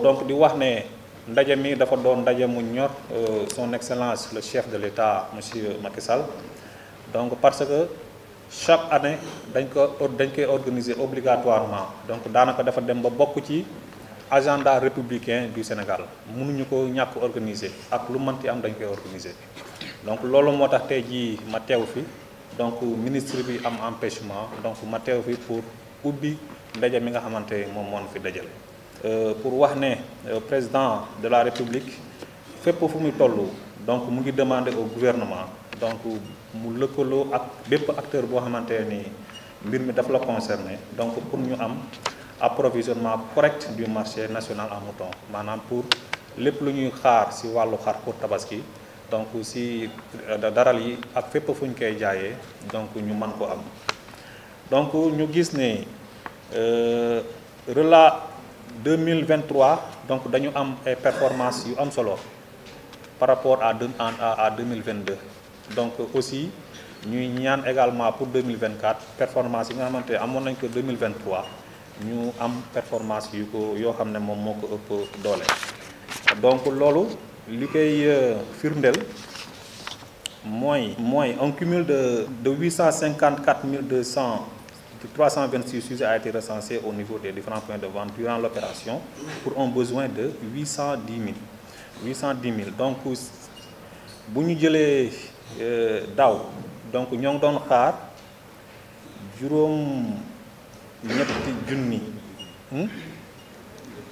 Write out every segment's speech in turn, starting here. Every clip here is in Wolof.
donc di wax ne ndaje mi dafa doon ndaje mu ñor euh, son excellence le chef de l'état monsieur Macky Sall donc parce que chaque année dañ ko dañ koy organiser obligatoirement donc danaka dafa dem ba bokku ci agenda républicain du Sénégal ñu ko ñak organiser ak lu ti am dañ koy organiser donc lolu motax tay ji ma fi donc ministre bi am empêchement donc matéw fi pour ubbi ndaje mi nga xamanté mom mon fi euh pour wax né euh, président de la république fep fu muy tollu donc mu ngi demander au gouvernement donc mu lekkolo ak bép acteur bo xamanté ni mbir mi daf la concerner donc pour ñu am approvisionnement correct du marché national en mouton manam pour lepp lu ñuy xaar ci walu xaar pour tabaski donc si euh, daral yi ak fepp fuñ koy jaayé donc ñu man ko am donc ñu gis né euh, rela 2023 donc dañu am ay performance yu am solo par rapport à, 2022 donc aussi ñuy ñaan également pour 2024 performance yi nga xamanté amon nañ ko 2023 ñu am performance yu ko yo xamné mom moko ëpp doolé donc lolu li koy euh, un cumul de 854 200 326 sujets a été recensé au niveau des différents points de vente durant l'opération pour un besoin de 810 000. 810 Donc, bu ñu jëlee euh, daw, donc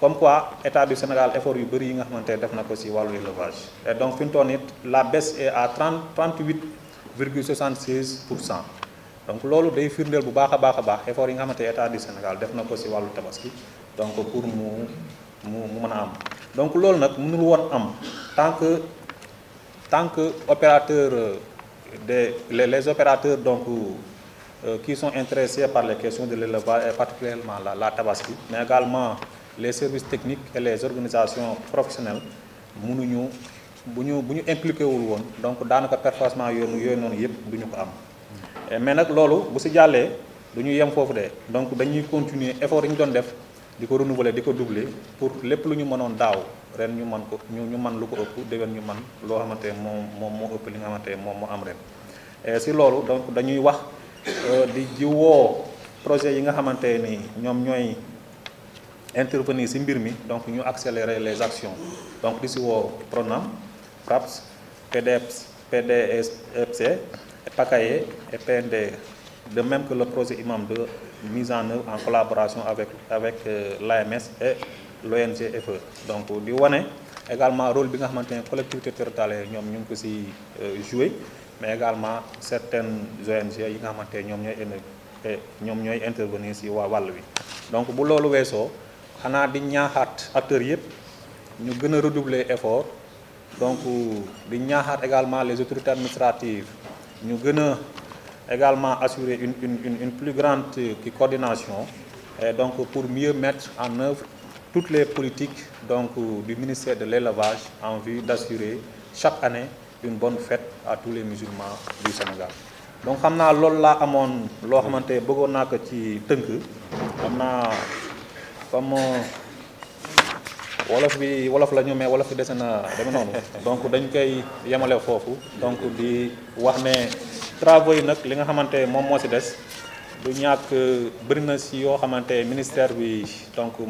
comme quoi état du Sénégal effort yu bëri yi nga xamanté def nako ci walu élevage et donc fin mu la baisse est à 30 38 donc lolu day firndel bu baax a baax effort yi nga xamanté état du Sénégal def nako ci walu tabaski donc pour mu mu mu am donc lolu nak mënul won am tant que tant que opérateur euh, des les, les opérateurs donc euh, qui sont intéressés par les questions de l'élevage et particulièrement la la tabaski mais également les services techniques et les organisations professionnelles mënuñu buñu buñu impliqué wul won donc danaka performance yoonu yooyu yépp duñu ko am mais nak lolu bu ci jallé duñu yem fofu dé donc dañuy continuer effort yi ñu doon def diko renouveler diko doubler pour lépp luñu mënon mënoon daaw ren ñu man ko ñu ñu man lu ko ëpp dégen ñu man lo xamanté mom moom moom ëpp li nga xamanté mom mo am ren si loolu donc dañuy wax euh, di jiwo projet yi nga xamanté ni ñom ñoy intervenir ci donc nous accélérer les actions donc ici, si woo PRONAM PRAPS PDEPS PDFC PACAE et PND de même que le projet IMAM 2 mis en œuvre en collaboration avec avec euh, l'AMS et l'ONG FE donc di wone également rôle bi nga collectivité territoriale collectivités ñom euh, jouer mais également certaines ONG yi nga xamante ne intervenir si wa wàll donc bu lolu xanaa di ñaaxaat acteurs yëpp ñu gën a redoubler effort donc di ñaaxaat également les autorités administratives Nous gën également assurer une plus grande coordination et donc pour mieux mettre en œuvre toutes les politiques donc du ministère de l'élevage en vue d'assurer chaque année une bonne fête à tous les musulmans du Sénégal. donc xam naa loolu laa amoon que ci comme euh, wolof bi wolof la ñu mais wolof bi dese na deme noonu donc dañ koy yemale foofu donc di wax ne travaux yi nag li nga xamante moom moo ci des du ñàkk euh, bëri na ci yoo xamante ministère bi donc